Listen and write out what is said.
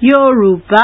Yoruba